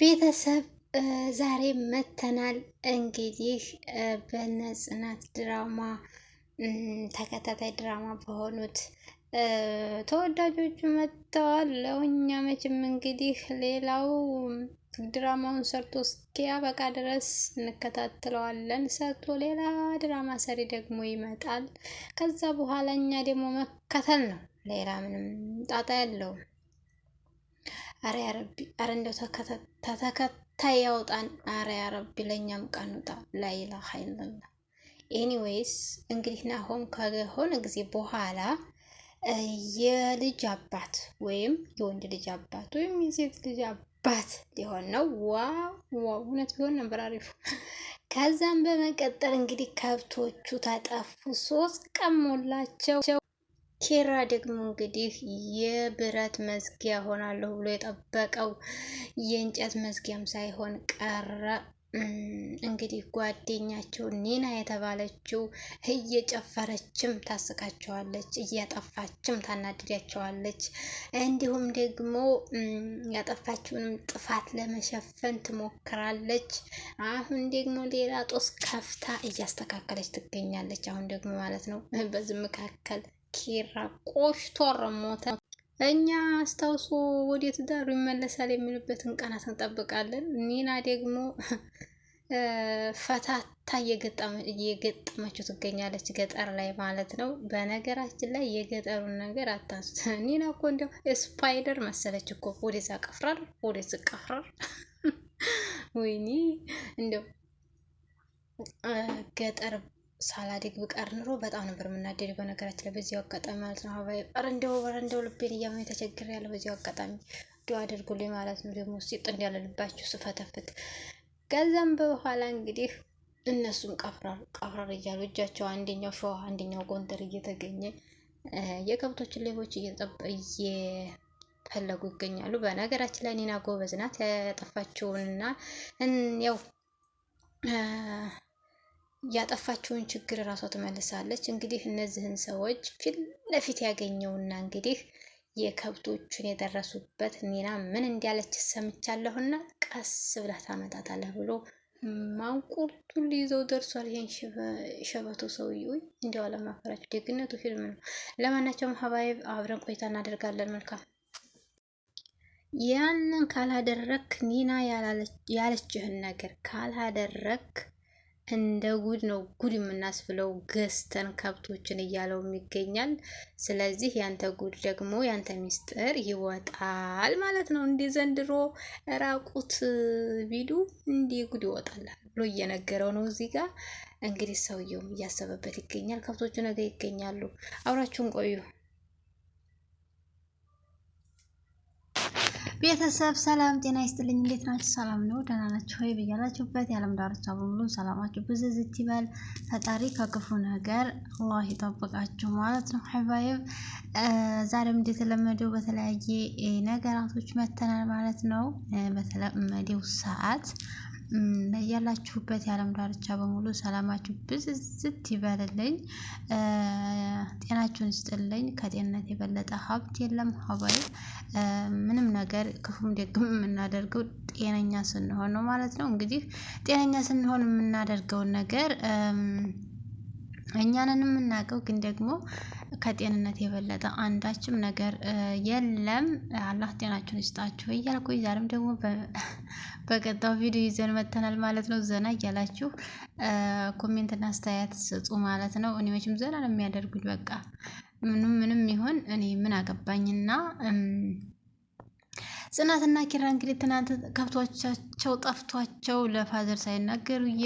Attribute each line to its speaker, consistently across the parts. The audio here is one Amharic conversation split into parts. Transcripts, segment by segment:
Speaker 1: ቤተሰብ ዛሬ መተናል እንግዲህ በነ ጽናት ድራማ ተከታታይ ድራማ በሆኑት ተወዳጆቹ መጥተዋል። ለውኛ መቼም እንግዲህ ሌላው ድራማውን ሰርቶ እስኪያበቃ ድረስ እንከታተለዋለን። ሰርቶ ሌላ ድራማ ሰሪ ደግሞ ይመጣል። ከዛ በኋላ እኛ ደግሞ መከተል ነው። ሌላ ምንም ጣጣ ያለውም አረ ያረቢ፣ አረ እንደው ተተከታይ ያውጣን። አረ ያረቢ፣ ለእኛም ቀንጣ ላይላ ሀይልላ። ኤኒዌይስ እንግዲህ ናሆም ከሆነ ጊዜ በኋላ የልጅ አባት ወይም የወንድ ልጅ አባት ወይም የሴት ልጅ አባት ሊሆን ነው። ዋው ዋው! እውነት ቢሆን ነበር አሪፉ። ከዛም በመቀጠል እንግዲህ ከብቶቹ ተጠፉ፣ ሶስት ቀን ሞላቸው። ኬራ ደግሞ እንግዲህ የብረት መዝጊያ ሆናለሁ ብሎ የጠበቀው የእንጨት መዝጊያም ሳይሆን ቀረ። እንግዲህ ጓደኛቸው ኒና የተባለችው እየጨፈረችም ታስቃቸዋለች፣ እያጠፋችም ታናድዳቸዋለች። እንዲሁም ደግሞ ያጠፋችውንም ጥፋት ለመሸፈን ትሞክራለች። አሁን ደግሞ ሌላ ጦስ ከፍታ እያስተካከለች ትገኛለች። አሁን ደግሞ ማለት ነው በዚህ መካከል ኪራ ቆሽቶ ሞተ። እኛ አስታውሶ ወደ ትዳሩ ይመለሳል የሚልበትን ቀናት እንጠብቃለን። ኒና ደግሞ ፈታታ እየገጠመችው ትገኛለች፣ ገጠር ላይ ማለት ነው። በነገራችን ላይ የገጠሩን ነገር አታንሱት። ኒና እኮ እንደ ስፓይደር መሰለች እኮ ወደዛ ቀፍራር፣ ወደዚ ቀፍራር። ወይኔ እንደው ገጠር ሳላደግ ብቀር ኑሮ በጣም ነበር የምናደድ። በነገራችን ላይ በዚሁ አጋጣሚ ማለት ነው ሀባይ ረንደው ረንደው ልቤን እያመኝ ተቸግሬ ያለ በዚሁ አጋጣሚ ዱአ አድርጉልኝ ማለት ነው። ደግሞ ውስጥ ጥንድ ያለልባችሁ ስፈተፍት ከዛም በኋላ እንግዲህ እነሱም ቀፍራር ቀፍራር እያሉ እጃቸው አንደኛው ሸዋ አንደኛው ጎንደር እየተገኘ የከብቶችን ሌቦች እየፈለጉ ይገኛሉ። በነገራችን ላይ ኒና ጎበዝ ናት። ያጠፋችውንና ያው ያጠፋችውን ችግር እራሷ ትመልሳለች። እንግዲህ እነዚህን ሰዎች ፊት ለፊት ያገኘውና እንግዲህ የከብቶቹን የደረሱበት ኒና ምን እንዲያለች ሰምቻለሁና ቀስ ብላ ታመጣታለህ ብሎ ማንቁርቱን ሊይዘው ደርሷል። ይህን ሸበቶ ሰውዬ እንዲያው አለማፈራቸው ደግነቱ ፊልም ነው። ለማናቸውም ሀባይብ አብረን ቆይታ እናደርጋለን። መልካም ያንን ካላደረክ ኒና ያለችህን ነገር ካላደረክ እንደ ጉድ ነው ጉድ የምናስብለው ገዝተን ከብቶችን እያለውም ይገኛል። ስለዚህ ያንተ ጉድ ደግሞ ያንተ ሚስጥር ይወጣል ማለት ነው። እንዲ ዘንድሮ ራቁት ቢሉ እንዲ ጉድ ይወጣል ብሎ እየነገረው ነው። እዚህ ጋር እንግዲህ ሰውየውም እያሰበበት ይገኛል። ከብቶቹ ነገ ይገኛሉ። አብራችሁን ቆዩ። ቤተሰብ ሰላም ጤና ይስጥልኝ። እንዴት ናችሁ? ሰላም ነው? ደህና ናችሁ ወይ? በያላችሁበት የዓለም ዳርቻ በሙሉ ሰላማችሁ ብዝዝት ይበል። ፈጣሪ ከክፉ ነገር አላህ ይጠብቃችሁ ማለት ነው። ሐባይብ ዛሬም እንደተለመደው በተለያየ ነገራቶች መተናል ማለት ነው። በተለመደው ሰዓት ያላችሁበት የዓለም ዳርቻ በሙሉ ሰላማችሁ ብዝዝት ይበልልኝ። ጤናችሁን ይስጥልኝ። ከጤንነት የበለጠ ሀብት የለም። ሀባይ ምንም ነገር ክፉም ደግም የምናደርገው ጤነኛ ስንሆን ነው ማለት ነው። እንግዲህ ጤነኛ ስንሆን የምናደርገውን ነገር እኛንን የምናውቀው ግን ደግሞ ከጤንነት የበለጠ አንዳችም ነገር የለም። አላህ ጤናችሁን ይስጣችሁ እያልኩ ዛሬም ደግሞ በቀጣው ቪዲዮ ይዘን መተናል ማለት ነው። ዘና እያላችሁ ኮሜንትና አስተያየት ስጡ ማለት ነው። እኔ መቼም ዘና ነው የሚያደርጉኝ። በቃ ምንም ምንም ይሆን እኔ ምን አገባኝና ጽናትና ኪራ እንግዲህ ትናንት ከብቶቻቸው ጠፍቷቸው ለፋዘር ሳይናገሩ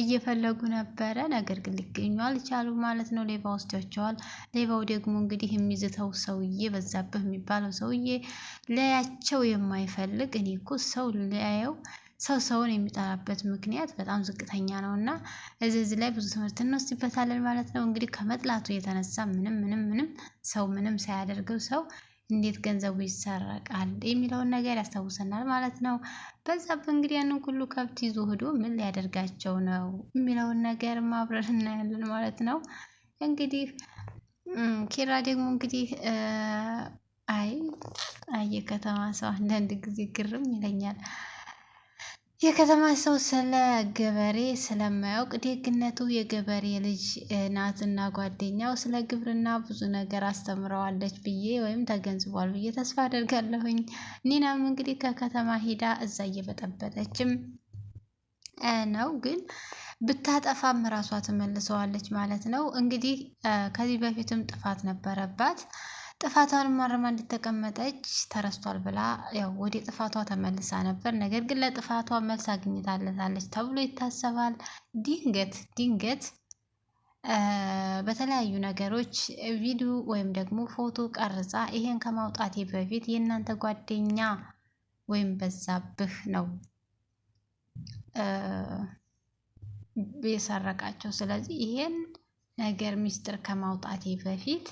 Speaker 1: እየፈለጉ ነበረ። ነገር ግን ሊገኙ አልቻሉ ማለት ነው። ሌባ ወስዷቸዋል። ሌባው ደግሞ እንግዲህ የሚዝተው ሰውዬ በዛብህ የሚባለው ሰውዬ ለያቸው የማይፈልግ እኔ እኮ ሰው ለያየው ሰው ሰውን የሚጠራበት ምክንያት በጣም ዝቅተኛ ነው እና እዚህ ላይ ብዙ ትምህርት እንወስድበታለን ማለት ነው። እንግዲህ ከመጥላቱ የተነሳ ምንም ምንም ምንም ሰው ምንም ሳያደርገው ሰው እንዴት ገንዘቡ ይሰረቃል የሚለውን ነገር ያስታውሰናል ማለት ነው። በዛብህ እንግዲህ ያንን ሁሉ ከብት ይዞ ህዶ ምን ሊያደርጋቸው ነው የሚለውን ነገር ማብረር እናያለን ማለት ነው። እንግዲህ ኪራ ደግሞ እንግዲህ አይ አየ ከተማ ሰው አንዳንድ ጊዜ ግርም ይለኛል። የከተማ ሰው ስለ ገበሬ ስለማያውቅ ደግነቱ የገበሬ ልጅ ናትና ጓደኛው ስለ ግብርና ብዙ ነገር አስተምረዋለች ብዬ ወይም ተገንዝቧል ብዬ ተስፋ አደርጋለሁኝ። ኒናም እንግዲህ ከከተማ ሄዳ እዛ እየበጠበጠችም ነው ግን ብታጠፋም ራሷ ትመልሰዋለች ማለት ነው። እንግዲህ ከዚህ በፊትም ጥፋት ነበረባት። ጥፋቷን ማረማ እንደተቀመጠች ተረስቷል ብላ ያው ወደ ጥፋቷ ተመልሳ ነበር። ነገር ግን ለጥፋቷ መልስ አግኝታለታለች ተብሎ ይታሰባል። ድንገት ድንገት በተለያዩ ነገሮች ቪዲዮ ወይም ደግሞ ፎቶ ቀርጻ ይሄን ከማውጣቴ በፊት የእናንተ ጓደኛ ወይም በዛብህ ነው የሰረቃቸው። ስለዚህ ይሄን ነገር ሚስጥር ከማውጣቴ በፊት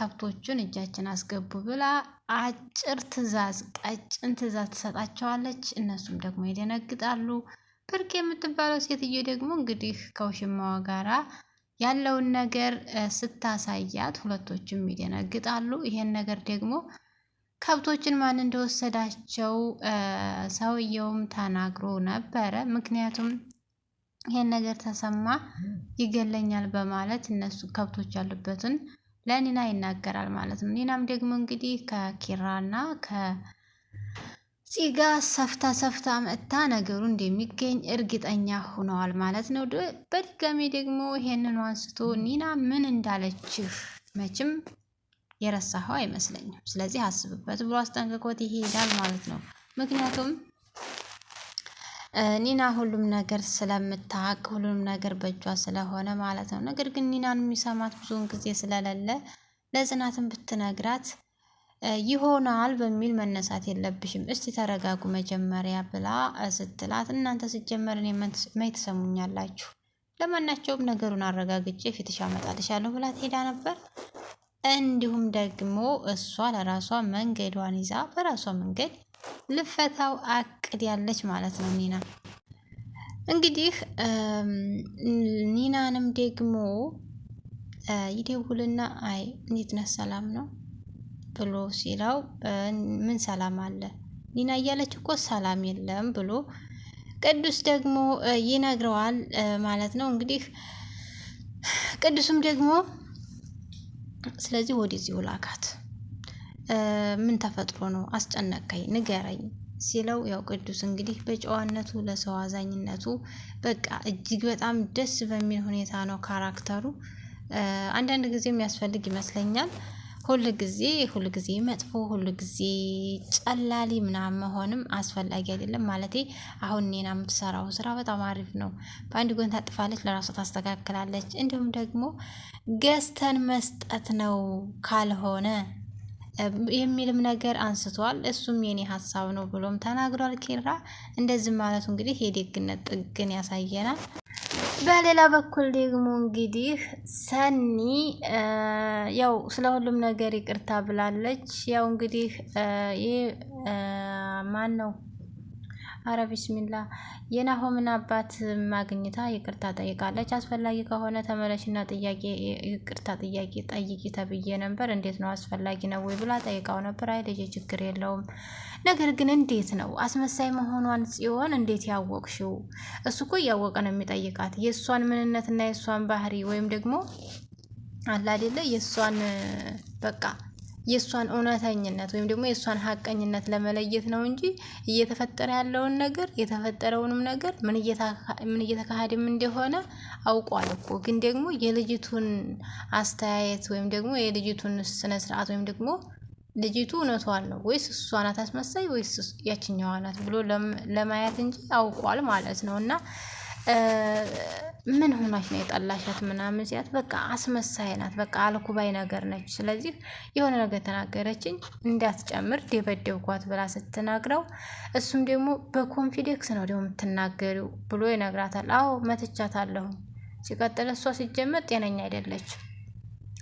Speaker 1: ከብቶቹን እጃችን አስገቡ ብላ አጭር ትዕዛዝ፣ ቀጭን ትዕዛዝ ትሰጣቸዋለች። እነሱም ደግሞ ይደነግጣሉ። ብርቅ የምትባለው ሴትዮ ደግሞ እንግዲህ ከውሽማዋ ጋራ ያለውን ነገር ስታሳያት ሁለቶችም ይደነግጣሉ። ይሄን ነገር ደግሞ ከብቶችን ማን እንደወሰዳቸው ሰውየውም ተናግሮ ነበረ። ምክንያቱም ይሄን ነገር ተሰማ ይገለኛል በማለት እነሱ ከብቶች ያሉበትን ለኒና ይናገራል ማለት ነው። ኒናም ደግሞ እንግዲህ ከኪራና ከፂ ሰፍታ ሰፍታ መጥታ ነገሩ እንደሚገኝ እርግጠኛ ሆነዋል ማለት ነው። በድጋሚ ደግሞ ይሄንን አንስቶ ኒና ምን እንዳለችህ መቼም የረሳኸው አይመስለኝም፣ ስለዚህ አስብበት ብሎ አስጠንቅቆት ይሄዳል ማለት ነው። ምክንያቱም ኒና ሁሉም ነገር ስለምታውቅ ሁሉም ነገር በእጇ ስለሆነ ማለት ነው። ነገር ግን ኒናን የሚሰማት ብዙውን ጊዜ ስለሌለ ለጽናትን ብትነግራት ይሆናል በሚል መነሳት የለብሽም፣ እስቲ ተረጋጉ መጀመሪያ ብላ ስትላት እናንተ ስጀመር እኔ መች ትሰሙኛላችሁ? ለማናቸውም ነገሩን አረጋግጬ ፊትሽ አመጣልሻለሁ ብላ ትሄዳ ነበር። እንዲሁም ደግሞ እሷ ለራሷ መንገዷን ይዛ በራሷ መንገድ ልፈታው አቅድ ያለች ማለት ነው ኒና። እንግዲህ ኒናንም ደግሞ ይደውልና አይ እንዴት ነህ ሰላም ነው ብሎ ሲለው ምን ሰላም አለ ኒና እያለች እኮ ሰላም የለም ብሎ ቅዱስ ደግሞ ይነግረዋል ማለት ነው። እንግዲህ ቅዱስም ደግሞ ስለዚህ ወደዚህ ውላካት ምን ተፈጥሮ ነው አስጨነቀኝ ንገረኝ ሲለው ያው ቅዱስ እንግዲህ በጨዋነቱ ለሰው አዛኝነቱ በቃ እጅግ በጣም ደስ በሚል ሁኔታ ነው ካራክተሩ። አንዳንድ ጊዜ የሚያስፈልግ ይመስለኛል። ሁል ጊዜ ሁል ጊዜ መጥፎ ሁል ጊዜ ጨላሊ ምናምን መሆንም አስፈላጊ አይደለም። ማለቴ አሁን ኔና የምትሰራው ስራ በጣም አሪፍ ነው። በአንድ ጎን ታጥፋለች፣ ለራሷ ታስተካክላለች። እንዲሁም ደግሞ ገዝተን መስጠት ነው ካልሆነ የሚልም ነገር አንስቷል። እሱም የኔ ሀሳብ ነው ብሎም ተናግሯል። ኪራ እንደዚህ ማለቱ እንግዲህ የደግነት ጥግን ያሳየናል። በሌላ በኩል ደግሞ እንግዲህ ሰኒ ያው ስለ ሁሉም ነገር ይቅርታ ብላለች። ያው እንግዲህ ይህ ማን ነው አረ ቢስሚላ የናሆምን አባት ማግኝታ ይቅርታ ጠይቃለች። አስፈላጊ ከሆነ ተመለሽና ጥያቄ ይቅርታ ጥያቄ ጠይቂ ተብዬ ነበር። እንዴት ነው አስፈላጊ ነው ወይ ብላ ጠይቃው ነበር። አይ ልጄ ችግር የለውም ነገር ግን እንዴት ነው አስመሳይ መሆኗን ጽዮን እንዴት ያወቅሽው? እሱ እኮ እያወቀ ነው የሚጠይቃት የእሷን ምንነትና የእሷን ባህሪ ወይም ደግሞ አላደለ የእሷን በቃ የእሷን እውነተኝነት ወይም ደግሞ የእሷን ሀቀኝነት ለመለየት ነው እንጂ እየተፈጠረ ያለውን ነገር የተፈጠረውንም ነገር ምን እየተካሄደም እንደሆነ አውቋል እኮ። ግን ደግሞ የልጅቱን አስተያየት ወይም ደግሞ የልጅቱን ስነ ስርዓት ወይም ደግሞ ልጅቱ እውነቷን ነው ወይስ እሷ ናት አስመሳይ ወይስ ያችኛዋ ናት ብሎ ለማየት እንጂ አውቋል ማለት ነው እና ምን ሆናሽ ነው የጠላሻት ምናምን ሲያት፣ በቃ አስመሳይ ናት፣ በቃ አልኩባይ ነገር ነች። ስለዚህ የሆነ ነገር ተናገረችኝ እንዳትጨምር ደበደብኳት ብላ ስትናግረው እሱም ደግሞ በኮንፊዴክስ ነው ደግሞ የምትናገሪው ብሎ ይነግራታል። አዎ አለሁ ሲቀጥል እሷ ሲጀመር ጤነኛ አይደለች፣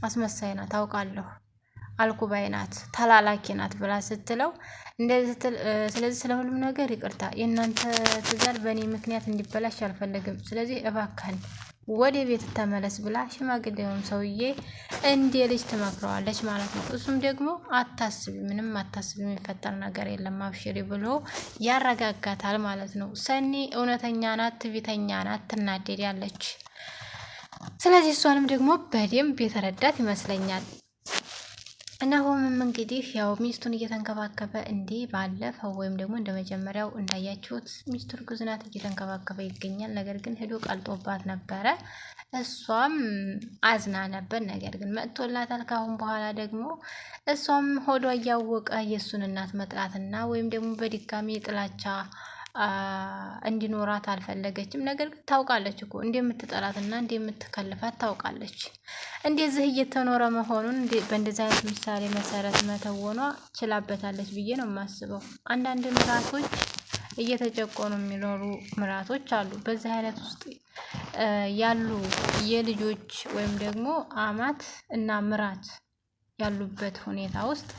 Speaker 1: አስመሳይ ናት፣ ታውቃለሁ አልኩባይ ናት ተላላኪ ናት ብላ ስትለው ስለዚህ ስለ ሁሉም ነገር ይቅርታ፣ የእናንተ ትዳር በእኔ ምክንያት እንዲበላሽ አልፈለግም። ስለዚህ እባካን ወደ ቤት ተመለስ ብላ ሽማግሌውም ሰውዬ እንደ ልጅ ትመክረዋለች ማለት ነው። እሱም ደግሞ አታስቢ፣ ምንም አታስቢ፣ የሚፈጠር ነገር የለም አብሽሪ ብሎ ያረጋጋታል ማለት ነው። ሰኒ እውነተኛ ናት፣ ትዕቢተኛ ናት፣ ያለች። ስለዚህ እሷንም ደግሞ በደንብ የተረዳት ይመስለኛል። እናሆምም እንግዲህ ያው ሚስቱን እየተንከባከበ እንዲህ ባለፈው ወይም ደግሞ እንደ መጀመሪያው እንዳያችሁት ሚስቱ እርጉዝ ናት እየተንከባከበ ይገኛል። ነገር ግን ሄዶ ቀልጦባት ነበረ። እሷም አዝና ነበር። ነገር ግን መጥቶላታል። ካሁን በኋላ ደግሞ እሷም ሆዷ እያወቀ የእሱን እናት መጥላትና ወይም ደግሞ በድጋሚ ጥላቻ እንዲኖራት አልፈለገችም። ነገር ግን ታውቃለች እኮ እንዴ እንደምትከልፋት ታውቃለች። እንደዚህ እየተኖረ መሆኑን በእንደዚህ አይነት ምሳሌ መሰረት መተወኗ ችላበታለች ብዬ ነው የማስበው። አንዳንድ ምራቶች እየተጨቆኑ የሚኖሩ ምራቶች አሉ። በዚህ አይነት ውስጥ ያሉ የልጆች ወይም ደግሞ አማት እና ምራት ያሉበት ሁኔታ ውስጥ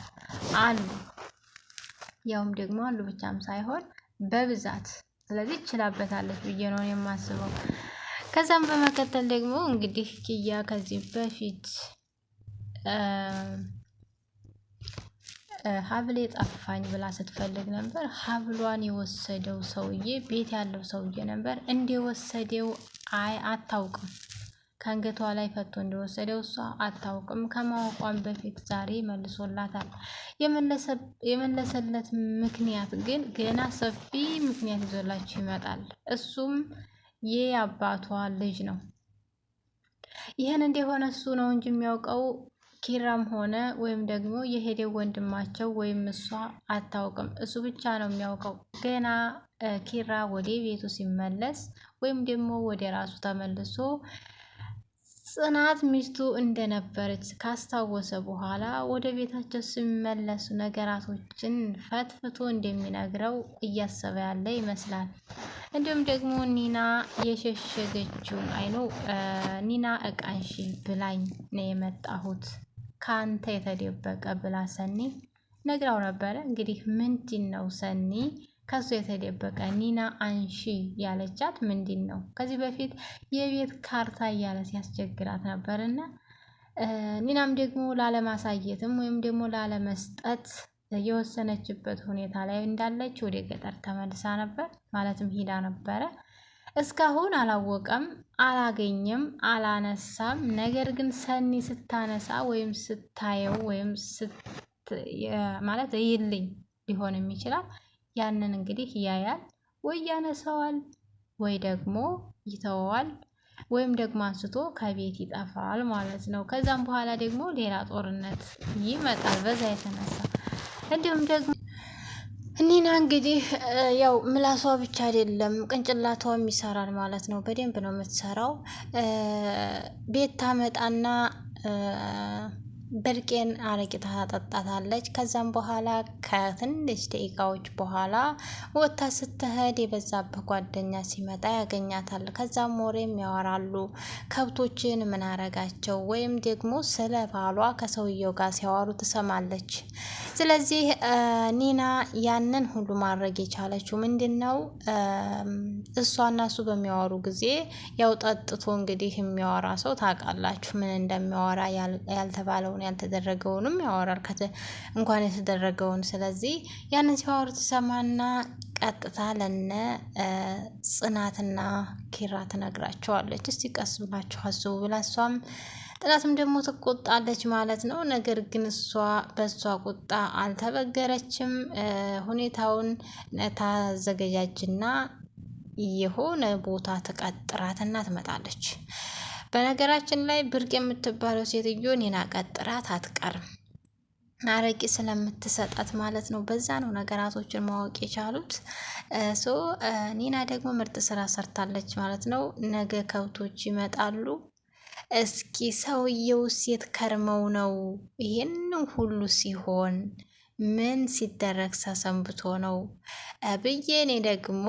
Speaker 1: አሉ። ያውም ደግሞ አሉ ብቻም ሳይሆን በብዛት ስለዚህ ይችላበታለች ብዬ ነው የማስበው። ከዛም በመቀጠል ደግሞ እንግዲህ ኪያ ከዚህ በፊት ሀብሌ ጠፋኝ ብላ ስትፈልግ ነበር። ሀብሏን የወሰደው ሰውዬ ቤት ያለው ሰውዬ ነበር። እንደወሰደው አይ አታውቅም። ከአንገቷ ላይ ፈቶ እንደወሰደው እሷ አታውቅም። ከማወቋም በፊት ዛሬ መልሶላታል። የመለሰለት ምክንያት ግን ገና ሰፊ ምክንያት ይዞላችሁ ይመጣል። እሱም የአባቷ ልጅ ነው። ይህን እንደሆነ እሱ ነው እንጂ የሚያውቀው ኪራም ሆነ ወይም ደግሞ የሄደው ወንድማቸው ወይም እሷ አታውቅም። እሱ ብቻ ነው የሚያውቀው። ገና ኪራ ወደ ቤቱ ሲመለስ ወይም ደግሞ ወደ ራሱ ተመልሶ ጽናት ሚስቱ እንደነበረች ካስታወሰ በኋላ ወደ ቤታቸው ሲመለሱ ነገራቶችን ፈትፍቶ እንደሚነግረው እያሰበ ያለ ይመስላል። እንዲሁም ደግሞ ኒና የሸሸገችውን አይኖ ኒና እቃንሺ ብላኝ ነው የመጣሁት ከአንተ የተደበቀ ብላ ሰኒ ነግራው ነበረ። እንግዲህ ምንድን ነው ሰኒ ከሱ የተደበቀ ኒና አንሺ ያለቻት ምንድን ነው? ከዚህ በፊት የቤት ካርታ እያለ ሲያስቸግራት ነበር እና ኒናም ደግሞ ላለማሳየትም ወይም ደግሞ ላለመስጠት የወሰነችበት ሁኔታ ላይ እንዳለች ወደ ገጠር ተመልሳ ነበር። ማለትም ሂዳ ነበረ። እስካሁን አላወቀም፣ አላገኘም፣ አላነሳም። ነገር ግን ሰኒ ስታነሳ ወይም ስታየው ወይም ማለት ይልኝ ሊሆንም ይችላል ያንን እንግዲህ ያያል ወይ ያነሳዋል ወይ ደግሞ ይተወዋል ወይም ደግሞ አንስቶ ከቤት ይጠፋል ማለት ነው። ከዛም በኋላ ደግሞ ሌላ ጦርነት ይመጣል በዛ የተነሳ እንዲሁም ደግሞ እኒና እንግዲህ ያው ምላሷ ብቻ አይደለም ቅንጭላቷም ይሰራል ማለት ነው። በደንብ ነው የምትሰራው ቤት ታመጣና ብርቄን አረቂታ ታጠጣታለች። ከዛም በኋላ ከትንሽ ደቂቃዎች በኋላ ወታ ስትሄድ የበዛበት ጓደኛ ሲመጣ ያገኛታል። ከዛም ወሬም ያወራሉ። ከብቶችን ምን አረጋቸው ወይም ደግሞ ስለ ባሏ ከሰውየው ጋር ሲያወሩ ትሰማለች። ስለዚህ ኒና ያንን ሁሉ ማድረግ የቻለችው ምንድን ነው? ና እሱ በሚያወሩ ጊዜ ያው ጠጥቶ እንግዲህ የሚያወራ ሰው ታውቃላችሁ ምን እንደሚያወራ ያልተባለው ያልተደረገውን ያልተደረገውንም ያወራል እንኳን የተደረገውን። ስለዚህ ያንን ሲያወሩ ትሰማና ቀጥታ ለነ ጽናትና ኪራ ትነግራቸዋለች። እስቲ ቀስ ብላችሁ አስቡ ብላ እሷም ጥናትም ደግሞ ትቆጣለች ማለት ነው። ነገር ግን እሷ በእሷ ቁጣ አልተበገረችም። ሁኔታውን ታዘገጃጅና የሆነ ቦታ ትቀጥራትና ትመጣለች። በነገራችን ላይ ብርቅ የምትባለው ሴትዮ እኔን አቀጥራት አትቀርም አረቂ ስለምትሰጣት ማለት ነው። በዛ ነው ነገራቶችን ማወቅ የቻሉት። ሶ ኒና ደግሞ ምርጥ ስራ ሰርታለች ማለት ነው። ነገ ከብቶች ይመጣሉ። እስኪ ሰውየው ሴት ከርመው ነው ይሄንን ሁሉ ሲሆን ምን ሲደረግ ሰሰንብቶ ነው ብዬ እኔ ደግሞ